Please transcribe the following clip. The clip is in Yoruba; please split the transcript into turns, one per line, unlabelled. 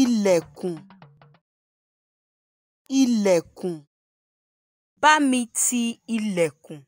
ilẹ̀kùn ilẹ̀kùn bá mi ti ilẹ̀kùn